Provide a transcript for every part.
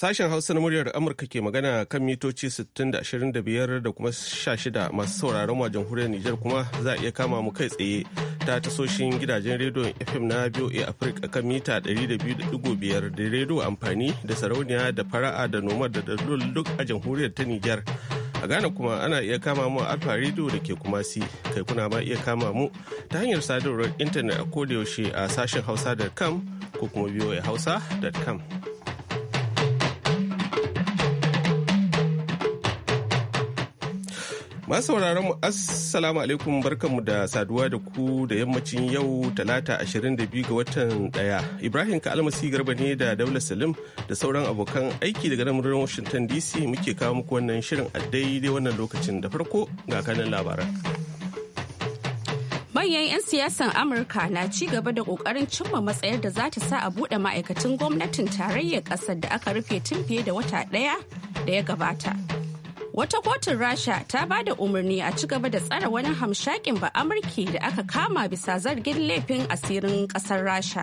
Sashen Hausa na muryar Amurka ke magana kan mitoci 60-25 da kuma 16 masu sauraron mu a jamhuriyar Nijar kuma za a iya kama mu kai tsaye ta tasoshin gidajen rediyon FM na BOA Africa kan mita 200.5 da rediyo amfani da sarauniya da fara'a da noma da dalol duk a jamhuriyar ta Nijar. A Ghana kuma ana iya kama mu a Alfa Radio da ke kuma si kai kuna ma iya kama mu ta hanyar sadarwar intanet a kodayaushe a sashen hausa.com ko kuma voahausa.com. hausa.com. Masu sauraron mu assalamu alaikum barkanmu da saduwa da ku da yammacin yau talata 22 ga watan daya. Ibrahim Kalmasi Garba ne da Daula Salim da sauran abokan aiki daga nan birnin Washington DC muke kawo muku wannan shirin a daidai wannan lokacin da farko ga kanin labaran. Manyan 'yan siyasan Amurka na ci gaba da kokarin cimma matsayar da za ta sa a buɗe ma'aikacin gwamnatin tarayyar ƙasar da aka rufe tun fiye da wata ɗaya da ya gabata. Wata kotun Rasha ta ba da umarni a ci gaba da tsare wani hamshakin ba Amurki da aka kama bisa zargin laifin asirin ƙasar Rasha.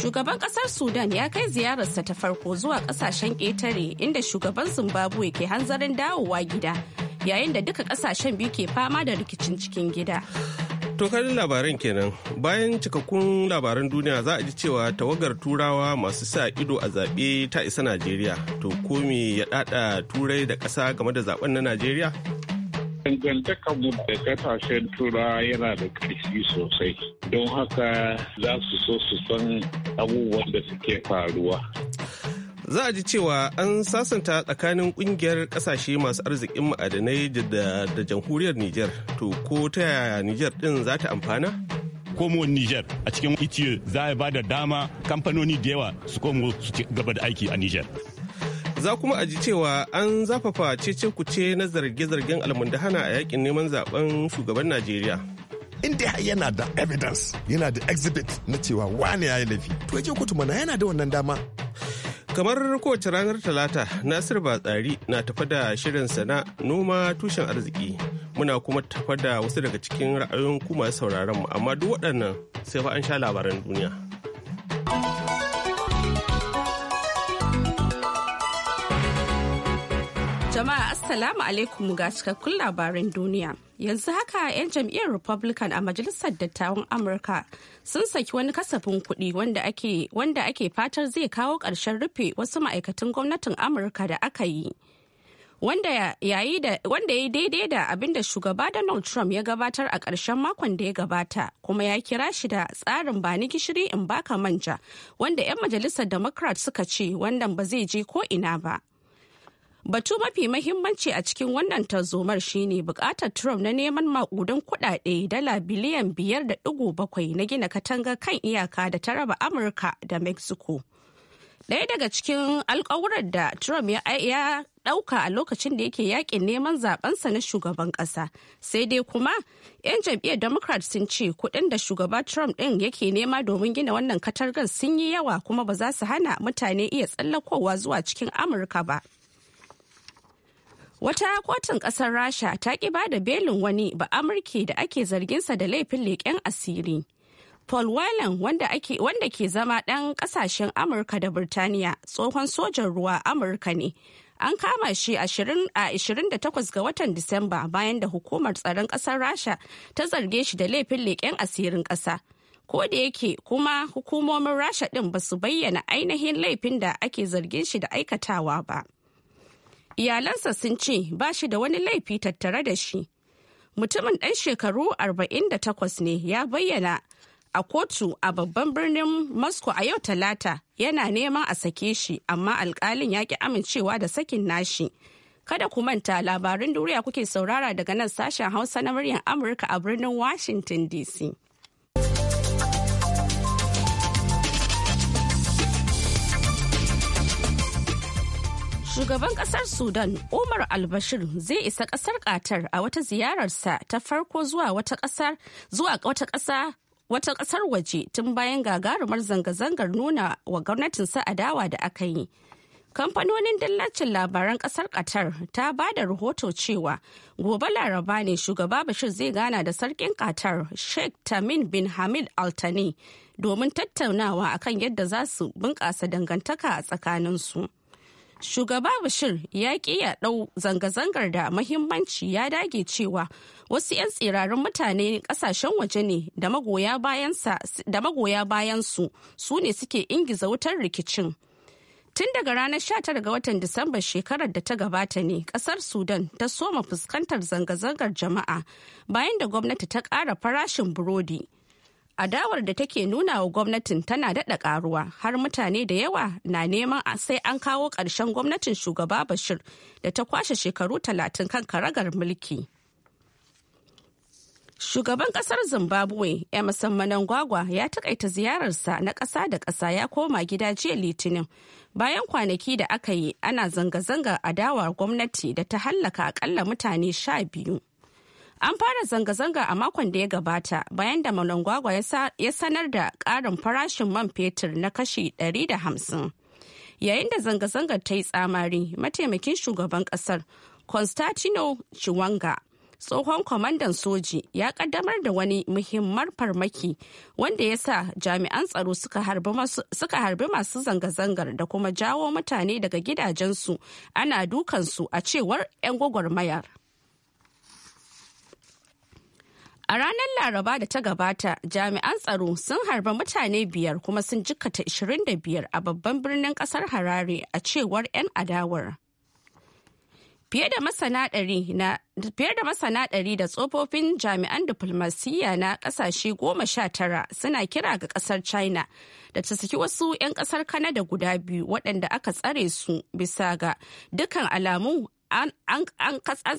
Shugaban ƙasar Sudan ya kai ziyararsa ta farko zuwa ƙasashen ƙetare inda shugaban Zimbabwe ke hanzarin dawowa gida yayin da duka ƙasashen biyu ke fama da rikicin cikin gida. Tokarin labaran kenan bayan cikakkun labaran duniya za a ji cewa tawagar turawa masu sa ido a zaɓe ta isa Najeriya. To ko me ya ɗaɗa turai da ƙasa game da zaɓen na Najeriya? Dangantakar mu da kasashen turawa yana da ƙarfi sosai. Don haka za su so su san abubuwan da suke faruwa. za a ji cewa an sasanta tsakanin kungiyar kasashe masu arzikin ma'adanai da jamhuriyar Niger To ko ta yaya Niger din za ta amfana? komowar Niger, a cikin itiyo za a ba da dama kamfanoni da yawa su komo su gaba da aiki a Niger. Za kuma a ji cewa an zafafa cece kuce na zarge-zargen almundahana a yakin neman zaben shugaban Najeriya. in dai yana da evidence yana da exhibit na cewa wane ya yi laifi to je kotu mana yana da wannan dama Kamar kowace ranar Talata, Nasir Batsari na tafa da shirin sana noma tushen arziki. Muna kuma tafa da wasu daga cikin ra'ayoyin kuma sauraron mu, amma duk waɗannan sai fa an sha labaran duniya. Jama'a Assalamu alaikum ga cikakkun labaran duniya. Yanzu haka 'yan jam'iyyar Republican a Majalisar Dattawan Amurka sun saki wani kasafin kuɗi wanda ake fatar zai kawo ƙarshen rufe wasu ma'aikatan gwamnatin amurka da aka yi wanda ya yi daidai da abin da shugaba donald trump ya gabatar a ƙarshen makon da ya gabata kuma ya kira shi da tsarin ba ni gishiri in baka manja wanda 'yan majalisar democrat suka ce wannan ba zai je ko ina ba. Batu mafi mahimmanci a cikin wannan tarzomar shine bukatar Trump na neman makudan kuɗaɗe dala biliyan biyar da digo bakwai na gina katanga kan iyaka da ta raba Amurka da Mexico. ɗaya daga cikin alkawuran da Trump ya ɗauka a lokacin da yake yakin neman zaɓensa na shugaban ƙasa. Sai dai kuma 'yan jam'iyyar Democrat sun ce kuɗin da shugaba Trump ɗin yake nema domin gina wannan katargar sun yi yawa kuma ba za su hana mutane iya tsallakowa zuwa cikin Amurka ba. Wata kotun ƙasar Rasha ta ƙi ba da belin wani ba Amurki da ake zarginsa da laifin leƙen asiri. Paul Whelan wanda, wanda ke zama ɗan ƙasashen Amurka da Birtaniya tsohon sojan ruwa Amurka ne. An kama shi a 28 ga watan Disamba bayan da hukumar tsaron ƙasar Rasha ta zarge shi da laifin leƙen asirin ƙasa. Ko da yake kuma hukumomin Rasha ɗin ba su bayyana ainihin laifin da ake zargin shi da aikatawa ba. Iyalansa sun ce ba shi da wani laifi tattare da shi. Mutumin ɗan shekaru 48 ne ya bayyana a kotu a babban birnin Moscow a yau talata yana neman a sake shi amma alkalin ya ki amincewa da sakin nashi. Kada ku manta labarin duniya kuke saurara daga nan sashen Hausa na muryar Amurka a birnin Washington DC. Shugaban kasar Sudan Umar al-Bashir zai isa kasar Qatar a wata ziyararsa ta farko zuwa wata kasar zuwa wata kasa wata kasar waje tun bayan gagarumar zanga-zangar nuna wa gwamnatin sa adawa da aka yi. Kamfanonin dillacin labaran kasar Qatar ta ba da rahoto cewa gobe laraba ne shugaba Bashir zai gana da sarkin Qatar Sheikh Tamim bin Hamid Altani domin tattaunawa akan yadda za su bunƙasa dangantaka a tsakaninsu. su. shugaba bashir ya ƙi ya ɗau zanga-zangar da mahimmanci ya dage cewa wasu 'yan tsirarin mutane ƙasashen waje ne da magoya bayansu su ne suke ingiza wutar rikicin tun daga ranar 19 ga watan disamba shekarar da ta gabata ne kasar sudan ta soma fuskantar zanga-zangar jama'a bayan da gwamnati ta ƙara farashin burodi adawar da take nuna wa gwamnatin tana daɗa ƙaruwa har mutane da yawa na neman sai an kawo ƙarshen gwamnatin shugaba bashir da ta kwashe shekaru talatin kan karagar mulki shugaban kasar zimbabwe emerson Gwagwa ya takaita ziyararsa na ƙasa da ƙasa ya koma gida jiya litinin bayan kwanaki da aka yi ana zanga-zanga adawar gwamnati da ta hallaka akalla mutane sha biyu An fara zanga-zanga a makon da ya gabata bayan da Malangwagwa ya sanar da karin farashin man fetur na kashi 150. Yayin da zanga-zangar ta yi tsamari, mataimakin shugaban kasar Constantino Chiwanga, tsohon kwamandan soji, ya kaddamar da wani muhimmar farmaki wanda ya sa jami'an tsaro suka harbi masu zanga-zangar da kuma jawo mutane daga gidajensu ana dukansu a cewar 'yan gwagwarmayar. A ranar Laraba da ta gabata, jami'an tsaro sun harba mutane biyar kuma sun jikkata 25 a babban birnin kasar Harare a cewar 'yan adawar. Fiye da masana ɗari da tsofaffin jami'an diflomasiyya na ƙasashe goma sha tara suna kira ga ƙasar China da ta saki wasu 'yan ƙasar Kanada guda biyu waɗanda aka tsare su bisa ga dukkan alamu an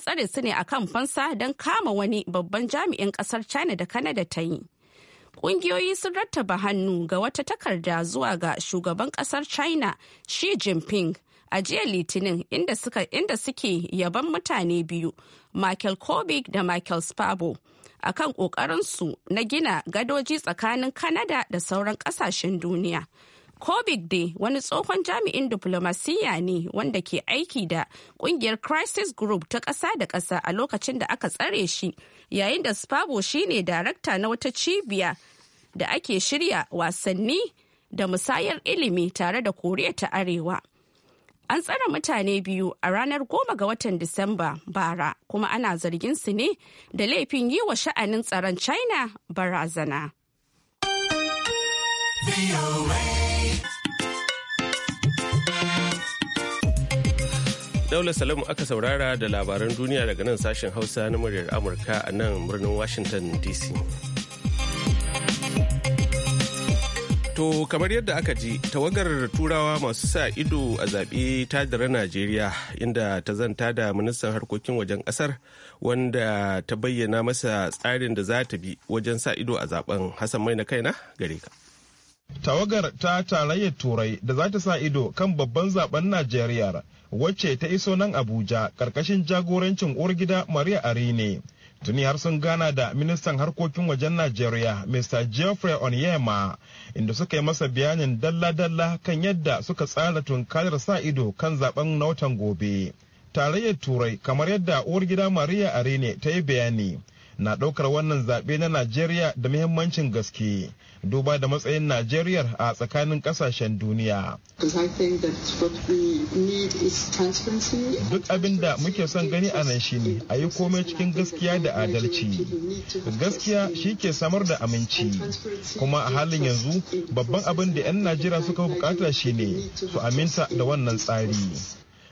tsare su ne a kan fansa don kama wani babban jami'in kasar china da kanada ta yi kungiyoyi sun rattaba hannu ga wata takarda zuwa ga shugaban kasar china xi jinping a jiya litinin inda, suke yaban mutane biyu michael kobe da michael spabo a kan kokarinsu na gina gadoji tsakanin kanada da sauran kasashen duniya Kobik Day wani tsohon jami'in diflomasiyya ne wanda ke aiki da kungiyar Crisis Group ta ƙasa da ƙasa a lokacin da aka tsare shi yayin da Spabo shine darakta na wata cibiya da ake shirya wasanni da musayar ilimi tare da Koriya ta Arewa. An tsare mutane biyu a ranar goma ga watan Disamba bara kuma ana zargin su ne da laifin yi wa sha'anin tsaron China barazana. Daula Salamu aka saurara da labaran duniya daga nan sashen Hausa na muryar Amurka a nan birnin Washington DC. To kamar yadda aka ji tawagar turawa masu sa ido a zaɓe ta dara Najeriya inda ta zanta da ministan harkokin wajen ƙasar wanda ta bayyana masa tsarin da za ta bi wajen sa ido a zaben Hassan Mai na kaina gare ka. tawagar ta tarayyar turai da za ta sa ido kan babban zaben najeriya wacce ta iso nan abuja karkashin jagorancin uwargida maria arine tuni har sun gana da ministan harkokin wajen najeriya mr geoffrey onyema inda suka yi masa bayanin dalla-dalla kan yadda suka tsara tunkarar sa ido kan zaben na watan gobe tarayyar turai kamar yadda uwargida maria arine ta yi bayani na ɗaukar wannan zaɓe na Najeriya da muhimmancin gaske duba da matsayin Najeriya a tsakanin ƙasashen duniya. Duk abin da muke son gani a nan shine a yi komai cikin gaskiya da adalci. Gaskiya shi ke samar da aminci. Kuma a halin yanzu babban abin da 'yan Najeriya suka bukata shine su aminta da wannan tsari.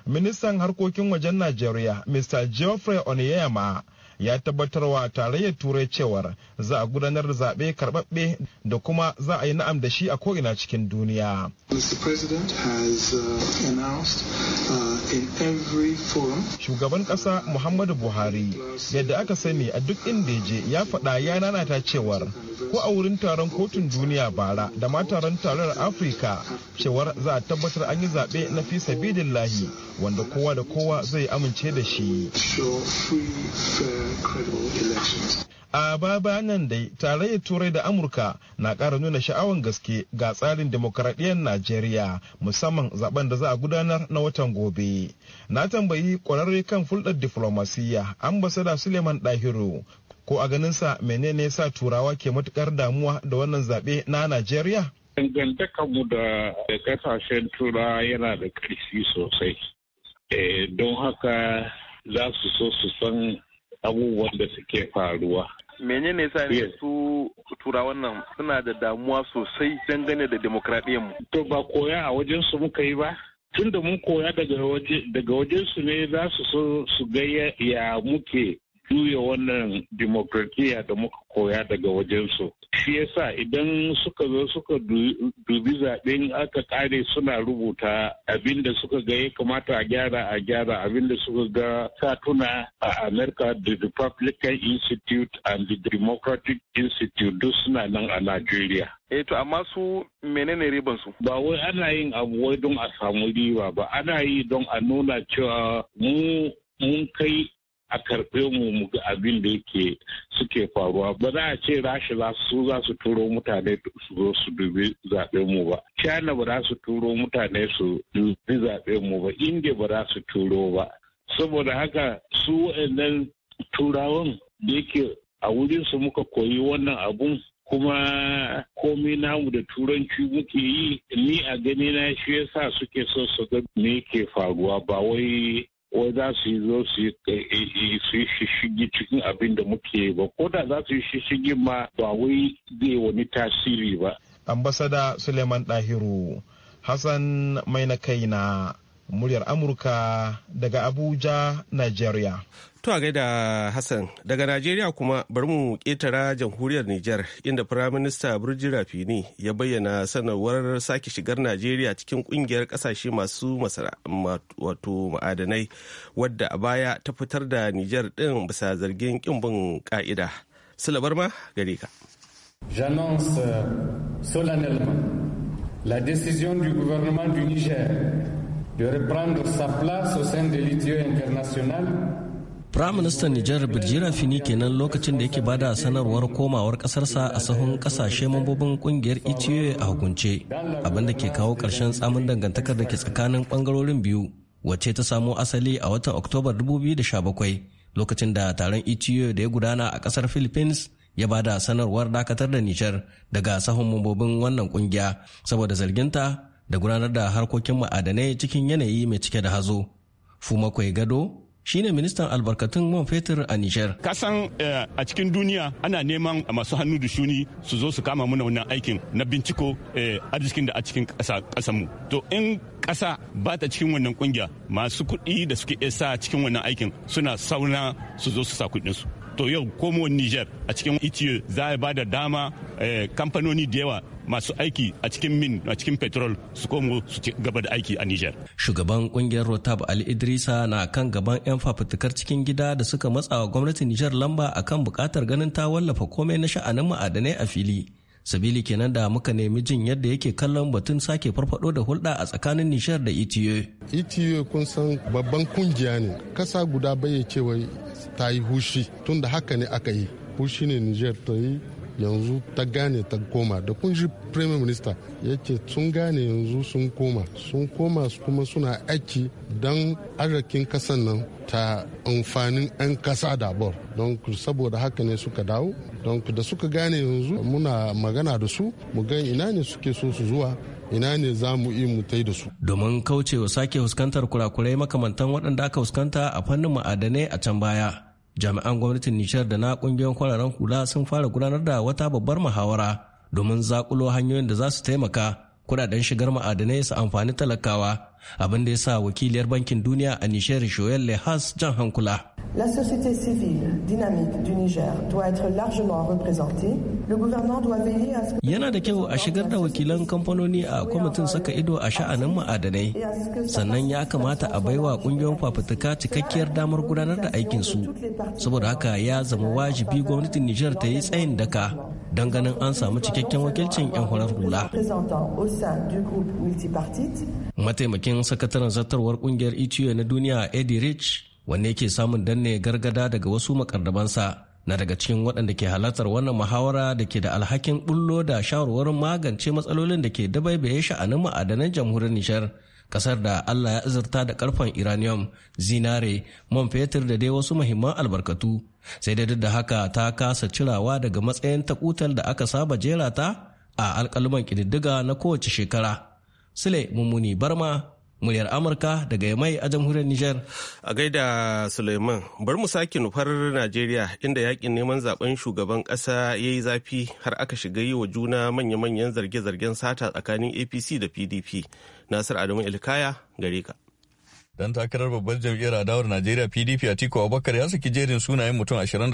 Ministan harkokin wajen Najeriya, Mr. Geoffrey Onyema, ya tabbatarwa tarayyar turai cewar za a gudanar da zaɓe karɓaɓɓe da kuma za a yi na'am da shi a ko'ina cikin duniya. Uh, uh, Shugaban ƙasa Muhammadu Buhari yadda aka sani a duk inda ya je ya faɗa ya nanata cewar ko a wurin taron kotun duniya bara da ma taron taron afirka cewar za a tabbatar an yi zaɓe na fi lahi wanda kowa da kowa zai amince da shi. A baba nan dai tarayyar Turai da Amurka na ƙara nuna sha'awan gaske ga tsarin demokaradiyyar Najeriya musamman zaben da za a gudanar na watan gobe. Na tambayi ƙwararre kan fulɗar diflomasiyya ambasada Suleiman Dahiru ko a ganinsa menene sa turawa ke matukar damuwa da wannan zaɓe na Najeriya? mu da kasashen turawa yana da ƙarfi sosai. Eh, don haka za su so su san abubuwan da suke faruwa. menene yasa ne su turawan nan suna da damuwa sosai dangane da mu. to ba koya a wajen su muka yi ba tunda da mun koya daga wajen su ne za su so su ga ya muke juya wannan demokratiya da muka koya daga wajensu. Shi yasa idan suka zo suka dubi zaɓen aka ƙare suna rubuta abin da suka ga ya kamata a gyara a gyara abin da suka ga katuna a America the Republican Institute and the Democratic Institute duk suna nan a Najeriya. Eh to amma su menene riban su? Ba wai ana yin abu wai don a samu riba ba ana yi don a nuna cewa mu mun kai a karɓe mu mu ga abin da yake suke faruwa ba za a ce rashi za su za su turo mutane su zo su dubi zaɓe mu ba china ba za su turo mutane su dubi zaɓen mu ba india ba za su turo ba saboda haka su wa'annan turawan da yake a wurinsu muka koyi wannan abun kuma komai namu da turanci muke yi ni a gani na shi yasa suke so su ga me yake faruwa ba wai wai za su yi zo su yi eh, eh, shishigi cikin abin da muke ba ko da za su yi shishigi ma ba wai zai wani tasiri ba. ambasada suleiman dahiru hassan mai na kaina muryar amurka daga abuja nigeria to a gaida hassan daga Najeriya kuma bari mu ƙetara jamhuriyar Nijar, inda firaminista burji rafini ya bayyana sanarwar sake shigar nigeria cikin ƙungiyar ƙasashe masu wato ma'adanai wadda a baya ta fitar da Nijar ɗin bisa zargin kimbin ƙa'ida. silabar ma gare ka j'annonce euh, solennellement la décision du gouvernement du niger de reprendre sa place au sein de international Firaministan Nijar Birjira Fini kenan lokacin da yake bada sanarwar komawar kasarsa a sahun kasashe mambobin kungiyar ETA a hukunce, abinda ke kawo karshen tsamin dangantakar da ke tsakanin ɓangarorin biyu, wacce ta samo asali a watan Oktobar 2017 lokacin da taron ETA da ya gudana a ƙasar Philippines ya e bada sanarwar dakatar da Nijar daga sahun mambobin wannan kungiya saboda zarginta da gudanar da harkokin ma'adanai cikin yanayi mai cike da hazo. kwai Gado shine ministan albarkatun man fetur a Nijar. Kasan eh, a cikin duniya ana neman masu hannu da shuni su zo su kama muna wannan aikin na binciko eh, arzikin da a cikin mu To in kasa ba ta cikin wannan kungiya masu kuɗi da suke sa cikin wannan aikin suna sauna su zo su sa kuɗinsu. to yau komowar Niger a cikin itiyo za a ba da dama eh, kamfanoni da yawa masu aiki a cikin min a cikin petrol su komo su ci gaba da aiki a Niger. Shugaban kungiyar Rotab Ali Idrisa na kan gaban 'yan fafutukar cikin gida da suka matsa wa gwamnatin Nijar lamba akan bukatar ganin ta wallafa komai na sha'anin ma'adanai a fili. Sabili kenan da muka nemi jin yadda yake kallon batun sake farfado da hulɗa a tsakanin Nijar da ETA. ETA kun san babban kungiya ne, kasa guda bai cewa ta yi hushi tunda haka ne aka yi. Hushi ne Nijar ta yi yanzu ta gane ta koma da kun ji prime minister ya ce sun gane yanzu sun koma sun koma kuma suna aiki don arakin kasan nan ta amfanin 'yan kasa bor don saboda haka ne suka dawo don da suka gane yanzu muna magana da su mu gan ina ne suke so su zuwa ina ne za mu yi mu da su. Domin kaucewa sake fuskantar kurakurai makamantan waɗanda aka fuskanta a fannin ma'adanai a can baya. jami'an gwamnatin nishar da na kungiyoyin kwararen kula sun fara gudanar da wata babbar muhawara domin zakulo hanyoyin da za su taimaka kudaden shigar ma'adanai su amfani talakawa abin da ya sa wakiliyar bankin duniya a nishar shoyal lehas jan hankula La société civile dynamique du Niger doit être largement représentée. Yana da kyau a shigar da wakilan kamfanoni a kwamitin saka ido a sha'anin ma'adanai. Sannan ya kamata a baiwa kungiyoyin fafutuka cikakkiyar damar gudanar da aikinsu. Saboda haka ya zama wajibi gwamnatin Nijar ta yi tsayin daka don ganin an samu cikakken wakilcin 'yan hular hula. Mataimakin sakataren zartarwar kungiyar ETU e na duniya Eddie Rich wanne yake samun danne gargada daga wasu makardabansa na daga cikin waɗanda ke halartar wannan muhawara da ke da alhakin bullo da shawarwarin magance matsalolin da ke dabaibaye sha'anin ma'adanan jamhuriyar nishar kasar da allah ya azurta da karfen iranium zinare man fetur da dai wasu muhimman albarkatu sai dai duk da haka ta kasa cirawa daga matsayin takutar da aka saba jera ta a alkaluman kididdiga na kowace shekara sule mummuni barma muryar amurka daga yamai a jamhuriyar niger a gaida suleiman bari mu sake nufar najeriya inda yakin neman zaben shugaban kasa ya yi zafi har aka shiga yi wa juna manya-manyan zarge-zargen sata tsakanin apc da pdp nasir adamu ilkaya gare ka Dan takarar babbar jam'iyyar adawar Najeriya PDP a Atiku Abubakar ya saki jerin sunayen mutum 28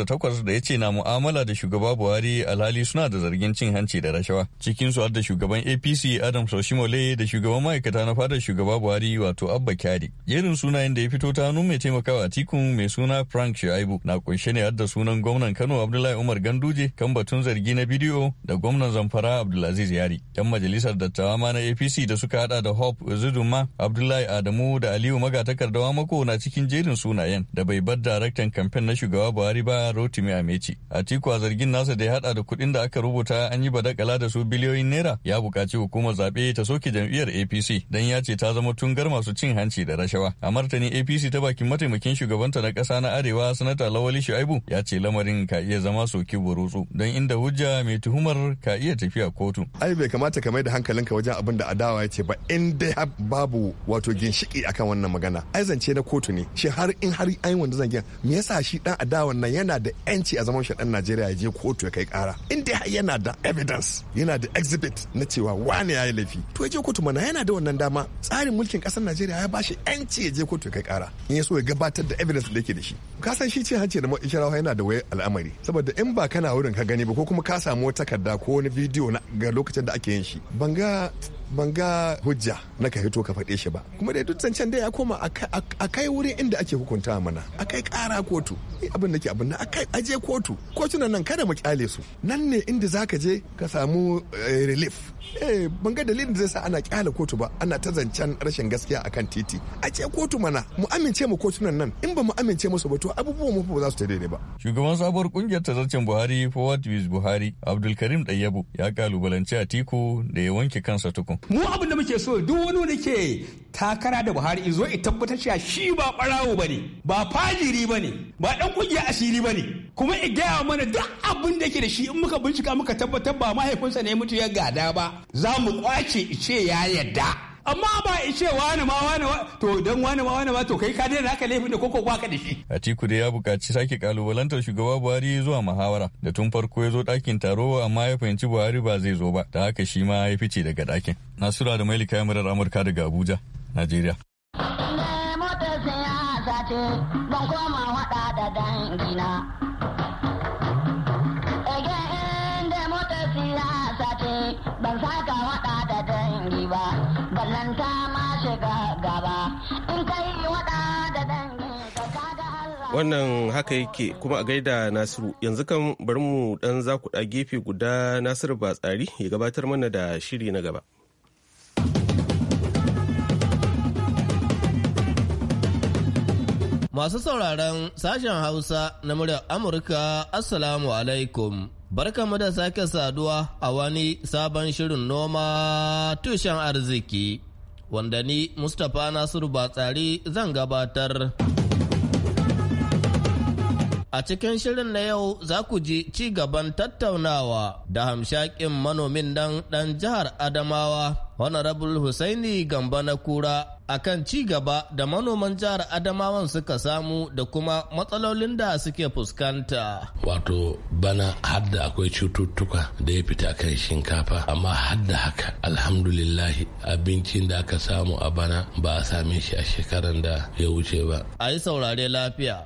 da ya ce na mu'amala da shugaba Buhari alhali suna da zargin cin hanci da rashawa. Cikin su har da shugaban APC Adam Soshimole da shugaban ma'aikata na fadar shugaba Buhari wato Abba Kyari. Jerin sunayen da ya fito ta hannu mai taimakawa Atiku mai suna Frank shaibu na kunshe ne har da sunan gwamnan Kano Abdullahi Umar Ganduje kan batun zargi na bidiyo da gwamnan Zamfara Abdulaziz Yari. Yan majalisar dattawa ma na APC da suka hada da Hope Zuduma Abdullahi Adamu da Aliyu magatakardawa mako na cikin jerin sunayen da bai bar daraktan kamfen na shugaba Buhari ba Rotimi Amechi. Atiku a zargin nasa da ya hada da kuɗin da aka rubuta an yi badakala da su biliyoyin naira ya bukaci hukumar zaɓe ta soke jam'iyyar APC don ya ce ta zama tungar masu cin hanci da rashawa. A martani APC ta bakin mataimakin shugabanta na ƙasa na Arewa sanata Lawali Shu'aibu ya ce lamarin ka iya zama soki burutsu don inda hujja mai tuhumar ka iya tafiya kotu. Ai bai kamata ka mai da hankalinka wajen abin da adawa ya ce ba inda dai babu wato ginshiki akan wannan magana ai zance na kotu ne shi har in har an wanda zan me yasa shi dan adawan nan yana da yanci a zaman shi dan Najeriya ya je kotu ya kai kara in dai yana da evidence yana da exhibit na cewa wani ya yi laifi to ya je kotu mana yana da wannan dama tsarin mulkin kasar Najeriya ya bashi yanci ya je kotu ya kai kara in ya so ya gabatar da evidence da yake da shi ka san shi ce hanci da ma'isharawa yana da wayar al'amari saboda in ba kana wurin ka gani ba ko kuma ka samu takarda ko wani bidiyo ga lokacin da ake yin shi ban ga ban ga hujja na ka hito ka faɗe shi ba kuma dai duk zancen dai ya koma a kai wuri inda ake hukunta mana a kai ƙara kotu abin da ke abin na a kai aje kotu kotunan nan kada mu kyale su nan ne inda za ka je ka samu eh, relief eh ban ga dalilin da zai sa ana kyale kotu ba ana ta zancen rashin gaskiya akan titi a kotu mana mu amince mu kotunan nan in ba mu amince musu ba to abubuwan mu ba za su ta daidai ba shugaban sabuwar kungiyar tazarcen Buhari Forward with Buhari Abdulkarim Dayyabo ya kalubalanci Atiku da ya wanke kansa tukun mu abin da muke so duk wani wani ke takara da buhari izo i tabbatar cewa shi ba barawo bane ba fajiri bane ba dan kungiya asiri bane kuma i gaya mana duk abin da ke da shi in muka bincika muka tabbatar ba mahaifinsa ne mutu ya gada ba za mu kwace ce ya yadda amma ba ishe wani ma wani to dan wani ma wani ma to kai ka daina naka laifin da koko ba ka da shi Atiku da ya buƙaci sake kalubalantar shugaba Buhari zuwa muhawara da tun farko ya zo ɗakin taro amma ya fahimci Buhari ba zai zo ba da haka shi ma ya fice daga ɗakin Nasura da kayan Yamirar Amurka daga Abuja Najeriya Ban koma waɗa da ban saka da dangi ba. wannan haka yake kuma a gaida nasiru yanzu kan bari mu dan zakuɗa gefe guda nasiru batsari ya gabatar mana da shiri na gaba masu sauraron sashen hausa na muryar amurka assalamu alaikum mu da sake saduwa a wani sabon shirin noma tushen arziki wanda ni Mustapha Nasiru Batsari zan gabatar. A cikin shirin na yau za ku ji ci gaban tattaunawa da hamshakin manomin dan dan jihar Adamawa, Honorable Husaini Gamba na Kura akan ci gaba da manoman jihar Adamawan suka samu da kuma matsalolin da suke fuskanta. Wato bana hadda akwai cututtuka da ya fita kan shinkafa, amma hadda haka alhamdulillahi abincin da aka samu a bana ba a same shi a shekaran da ya wuce ba. A yi saurare lafiya.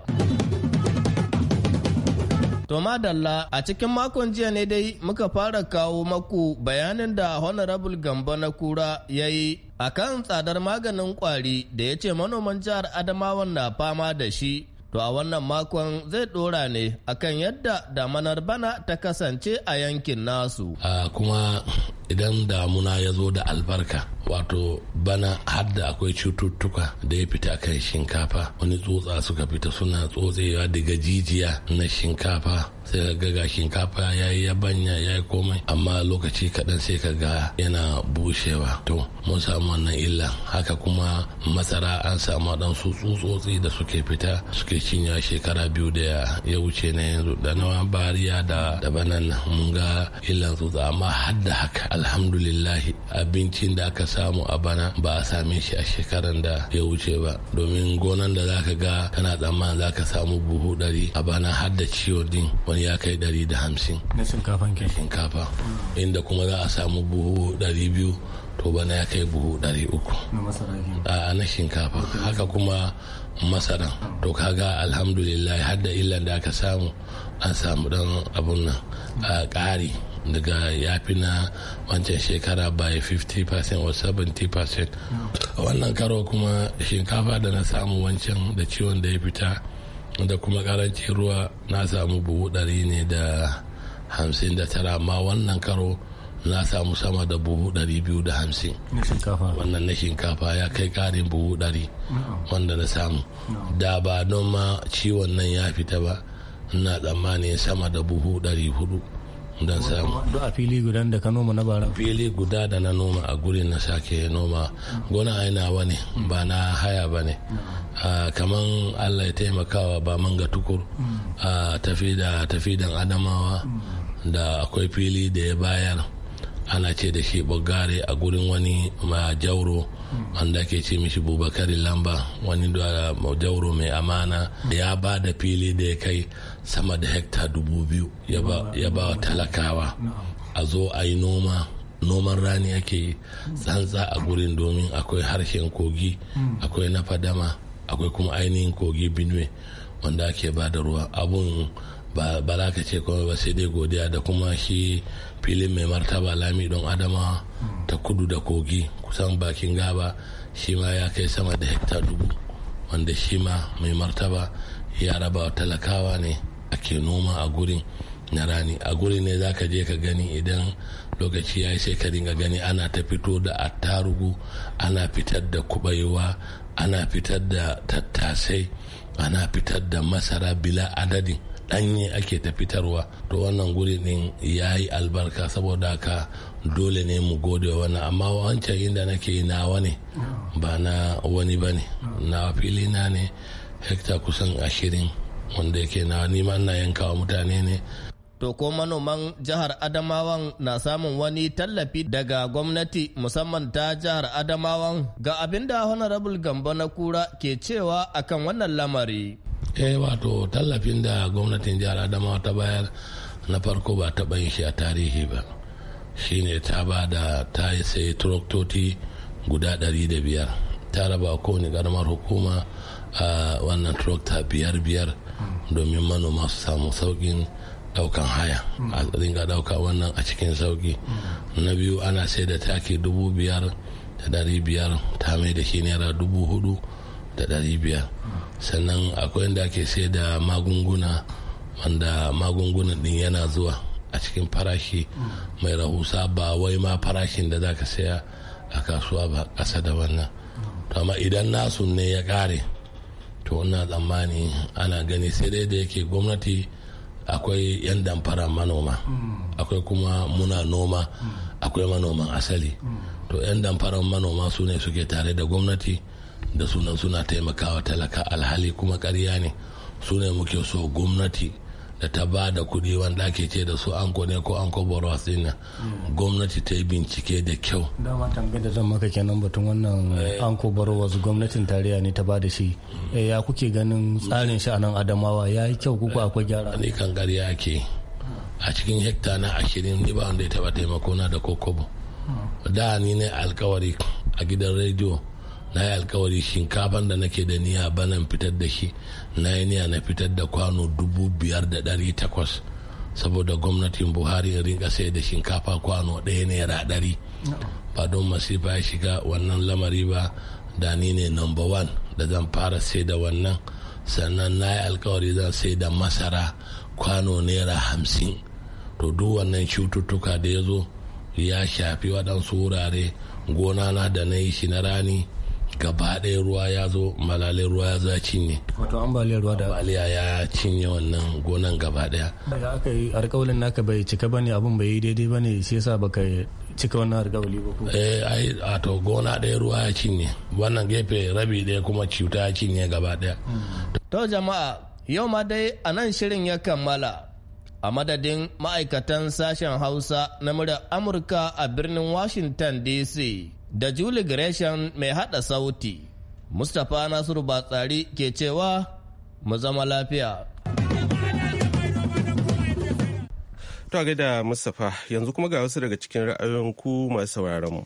To madalla a cikin makon jiya ne dai muka fara kawo maku bayanin da Honorable Gambo na kura ya yi a kan tsadar maganin kwari da ya ce manoman jihar Adamawan na fama da shi. To a wannan makon zai dora ne akan yadda damanar bana ta kasance a yankin nasu. kuma idan damuna ya zo da albarka wato bana hadda akwai cututtuka da ya fita kan shinkafa wani tsotsa suka fita suna tsotsewa daga jijiya na shinkafa sai ga ga shinkafa ya yi yabanya ya yi komai amma lokaci kaɗan sai ka ga yana bushewa to mun samu wannan illa haka kuma masara an samu su tsutsotsi da suke fita suke cinyewa shekara biyu da ya wuce na yanzu da nawa bariya da dabanan mun ga illan tsutsa amma hadda haka alhamdulillahi abincin da aka samu a bana ba a same shi a shekaran da ya wuce ba domin gonan da zaka ga kana tsammanin zaka samu buhu dari. a bana har da ciwo din wani ya kai dari da hamsin na shinkafa ke shinkafa inda kuma za a samu buhu dari biyu to bana ya kai buhu dari uku a na shinkafa haka kuma masara to kaga alhamdulillah har da illan da aka samu an samu dan abun nan a ƙari daga ya na wancan shekara by 50% or 70% wannan karo kuma shinkafa da na samu wancan da ciwon da ya fita da kuma karancin ruwa na samu buhu ɗari ne da hamsin da tara amma wannan karo na samu sama da buhu ɗari biyu da hamsin wannan na shinkafa ya kai ƙarin buhu ɗari wanda na samu da ba don ma ciwon nan ya fita ba na tsammanin sama da buhu ɗari hudu da samu duk a fili guda da ka noma na bara fili guda da na noma a guri na sake noma gona yana wani ba na haya ba ne kaman allah ya taimakawa ba manga tukur a tafi da tafi da adamawa da akwai fili da ya bayar ana ce da shi bugare a gurin wani jauro. wanda ke ce mishi bubakari lamba wani da jauro mai amana da ya ba da fili da ya kai sama da hekta dubu biyu ya ba wa talakawa a zo a yi noma noman rani ake yi tsantsa a gurin domin akwai harshen kogi akwai na fadama akwai kuma ainihin kogi benue wanda ake ba da ruwa abun ba za ka ce kuma ba sai dai godiya da kuma shi filin mai martaba lami don adama ta kudu da kogi kusan bakin gaba shi ma ya kai sama da hekta dubu wanda shi ma mai martaba ya raba talakawa ne ake noma a gurin na rani a gurin ne za ka je ka gani idan lokaci ya yi sai ka dinga gani ana ta fito da attarugu ana fitar da kubaiwa ana fitar da tattasai ana fitar da masara bila adadin ɗanye ake ta fitarwa to wannan guri ne ya yi albarka saboda ka dole ne mu gode wannan amma wancan inda nake nawa ne ba na wani ba ne na filina ne hekta kusan ashirin wanda yake na na yanka yankawa mutane ne to ko manoman jihar adamawan na samun wani tallafi daga gwamnati musamman ta jihar adamawan ga abin da honorable gambo na kura ke cewa akan wannan lamari eh wato tallafin da gwamnatin jihar adamawa ta bayar na farko ba taɓa yin shi a tarihi ba shine ta ba da ta yi sai turoktoci guda biyar ta raba kowane garmar hukuma a ah, wannan turokta biyar biyar domin manoma su samu saukin daukan haya a ringa dauka wannan a cikin sauki na biyu ana sai da taki dubu biyar da dari biyar ta mai da shi naira dubu hudu da dari biyar sannan akwai yadda ake sai da magunguna wanda magungunan din yana zuwa a cikin farashi mai rahusa ba wai ma farashin da za ka saya a kasuwa ba ƙasa da wannan amma idan nasu ne ya ƙare to ina tsammani ana gani sai dai da yake gwamnati akwai 'yan damfara manoma mm. akwai kuma muna noma mm. akwai manoman asali mm. to 'yan damfara manoma su ne suke tare da gwamnati da sunan suna taimakawa talaka alhali kuma karya ne su ne muke so gwamnati da ta ba da kuɗi wanda ake ce da su an ne ko an boros ina. gwamnati ta yi bincike da kyau dama tambayi da zan maka kenan batun wannan eh. an wasu gwamnatin tarayya ne ta ba da shi mm. eh, ya kuke ganin tsarin shi a nan adamawa ya yi kyau kuku akwai gyara ne kan gariya ake a cikin hekta na ashirin ni ba wanda ya taba taimako na da kokobo mm. da ni ne alkawari a gidan rediyo na yi alkawari shinkafan da nake da niya banan fitar da shi na yi na fitar da kwano dubu biyar da ɗari takwas saboda gwamnatin buhari ya rinka sai da shinkafa kwano ɗaya naira ɗari ba don masifa ya shiga wannan lamari ba da ni ne number one da zan fara sai da wannan sannan na yi alkawari zan sai da masara kwano naira hamsin to duk wannan cututtuka da ya zo ya shafi waɗansu wurare gona na da na yi shi na rani gaba ɗaya ruwa ya zo malalai ruwa ya zo ya cinye wato ambaliyar ruwa da ambaliya ya cinye wannan gonan gaba ɗaya da aka yi alƙawalin naka bai cika bane abun bai yi daidai bane shi yasa baka cika wannan alƙawali ba ko eh ai wato gona ɗaya ruwa ya cinye wannan gefe rabi ɗaya kuma cuta ya cinye gaba ɗaya hmm. to jama'a yau ma dai a nan shirin ya kammala a madadin ma'aikatan sashen hausa na murar amurka a birnin washington dc da Julie Gresham mai haɗa sauti. Mustapha Nasiru Batsari ke cewa mu zama lafiya. To gaida Mustapha yanzu kuma ga wasu daga cikin ra'ayoyin ku masu sauraron mu.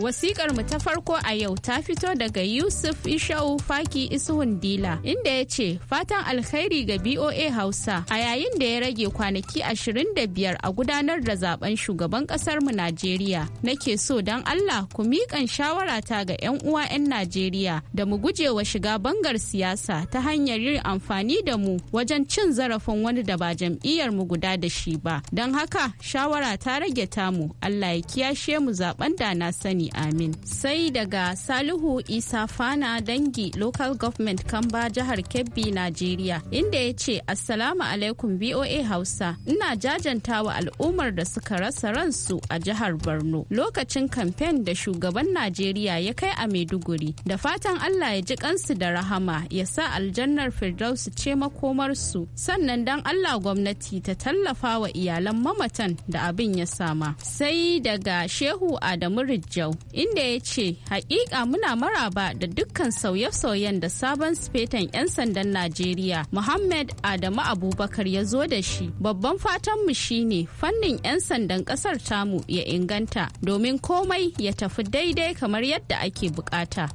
Wasikar mu ta farko a yau ta fito daga Yusuf Ishau Faki Isuhun Dila inda ya ce fatan alkhairi ga BOA Hausa a yayin da ya rage kwanaki 25 a gudanar da zaben shugaban kasar mu Najeriya. Nake so don Allah ku miƙan shawarata ga 'yan uwa 'yan Najeriya da mu guje wa shiga bangar siyasa ta hanyar yin amfani da mu wajen cin zarafin wani da ba jam'iyyar mu guda da shi ba. Don haka shawara ta rage tamu Allah ya kiyashe mu zaben da na sani amin. Sai daga Salihu Isa Fana dangi Local Government Kamba jihar Kebbi, Nigeria, inda ya ce Assalamu alaikum VOA Hausa. Ina jajanta wa al'ummar da suka rasa ransu a jihar Borno lokacin kamfen da shugaban Najeriya ya kai a Maiduguri. Da fatan Allah ya ji kansu da rahama ya sa aljannar Firdausu ce makomarsu. Sannan dan Allah gwamnati ta tallafa wa iyalan mamatan da abin ya sama. Sai daga Shehu Adamu rijjau inda ya ce hakika muna maraba da dukkan sauye-sauyen da sabon sufetan 'yan sandan najeriya muhammad adamu abubakar ya zo da shi babban fatanmu shine fannin 'yan sandan kasar tamu ya inganta domin komai ya tafi daidai kamar yadda ake bukata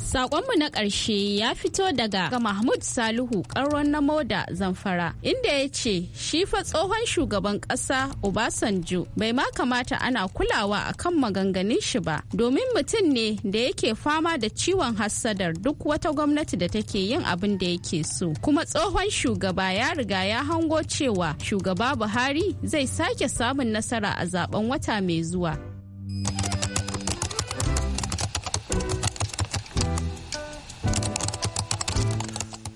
Sakonmu na ƙarshe ya fito daga ga Mahmud Salihu ƙarron na Moda Zamfara inda ya ce shi fa tsohon shugaban ƙasa Obasanjo bai ma kamata ana kulawa a kan maganganun shi ba domin mutum ne da yake fama da ciwon hassadar duk wata gwamnati da take yin abin da yake so kuma tsohon shugaba ya riga ya hango cewa shugaba Buhari zai sake samun nasara a zaben wata mai zuwa.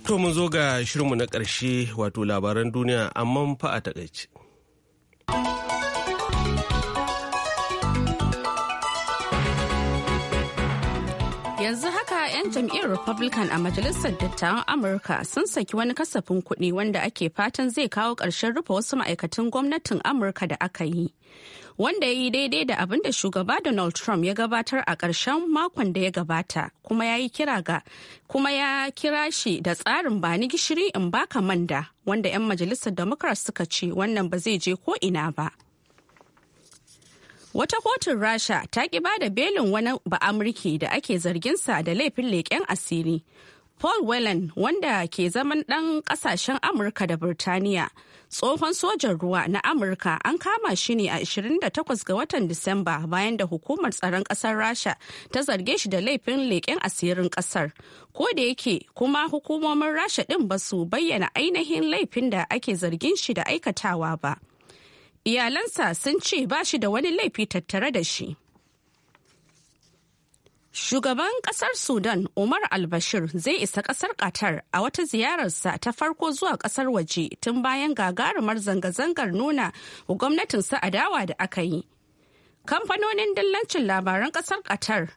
To mun zo ga shirinmu na ƙarshe wato labaran duniya amma fa a takaice. yanzu haka 'yan jam'iyyar republican a majalisar dattawan amurka sun saki wani kasafin kuɗi wanda ake fatan zai kawo ƙarshen rufe wasu ma'aikatan gwamnatin amurka da aka yi wanda ya yi daidai da abin da shugaba Donald Trump ya gabatar a ƙarshen makon da ya gabata kuma ya kira ga kuma ya kira shi da tsarin ba ni gishiri in baka manda wanda 'yan majalisar Democrats suka ce wannan ba zai je ko ina ba. Wata kotun Rasha ta ki ba da belin wani ba'amurki da ake zarginsa da laifin leƙen asiri. Paul wellen wanda ke zaman ɗan ƙasashen Amurka da Birtaniya tsohon sojan ruwa na amurka an kama shi ne a 28 ga watan disamba bayan da hukumar tsaron kasar rasha ta zarge shi da laifin leƙen asirin kasar ko da yake kuma hukumomin rasha din ba su bayyana ainihin laifin da ake zargin shi da aikatawa ba iyalansa sun ce ba shi da wani laifi tattare da shi Shugaban kasar Sudan Umar al-Bashir zai isa kasar Qatar a wata ziyararsa ta farko zuwa kasar waje tun bayan gagarumar zanga-zangar nuna gwamnatin sa adawa da aka yi. Kamfanonin dillancin labaran kasar Qatar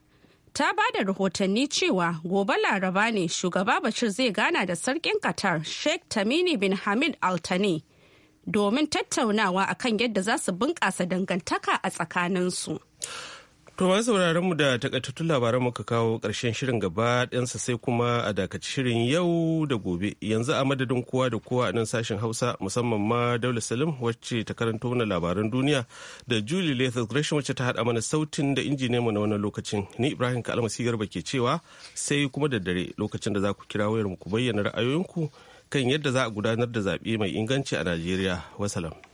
ta ba da rahotanni cewa gobe laraba ne shugaba Bashir zai gana da sarkin Qatar Sheikh tamini bin Hamid Al-Thani domin tattaunawa akan yadda za su bunƙasa dangantaka a tsakaninsu. To ma sauraron mu da takaitattun labaran muka kawo ƙarshen shirin gaba ɗansa sai kuma a dakaci shirin yau da gobe yanzu a madadin kowa da kowa a nan sashen Hausa musamman ma Daula Salim wacce ta karanto mana labaran duniya da Julie Lathis Gresham wacce ta haɗa mana sautin da injiniyar mu na wannan lokacin ni Ibrahim Kalmasi Garba ke cewa sai kuma da dare lokacin da za ku kira wayar mu ku bayyana ra'ayoyinku kan yadda za a gudanar da zaɓe mai inganci a Najeriya. Wasalam.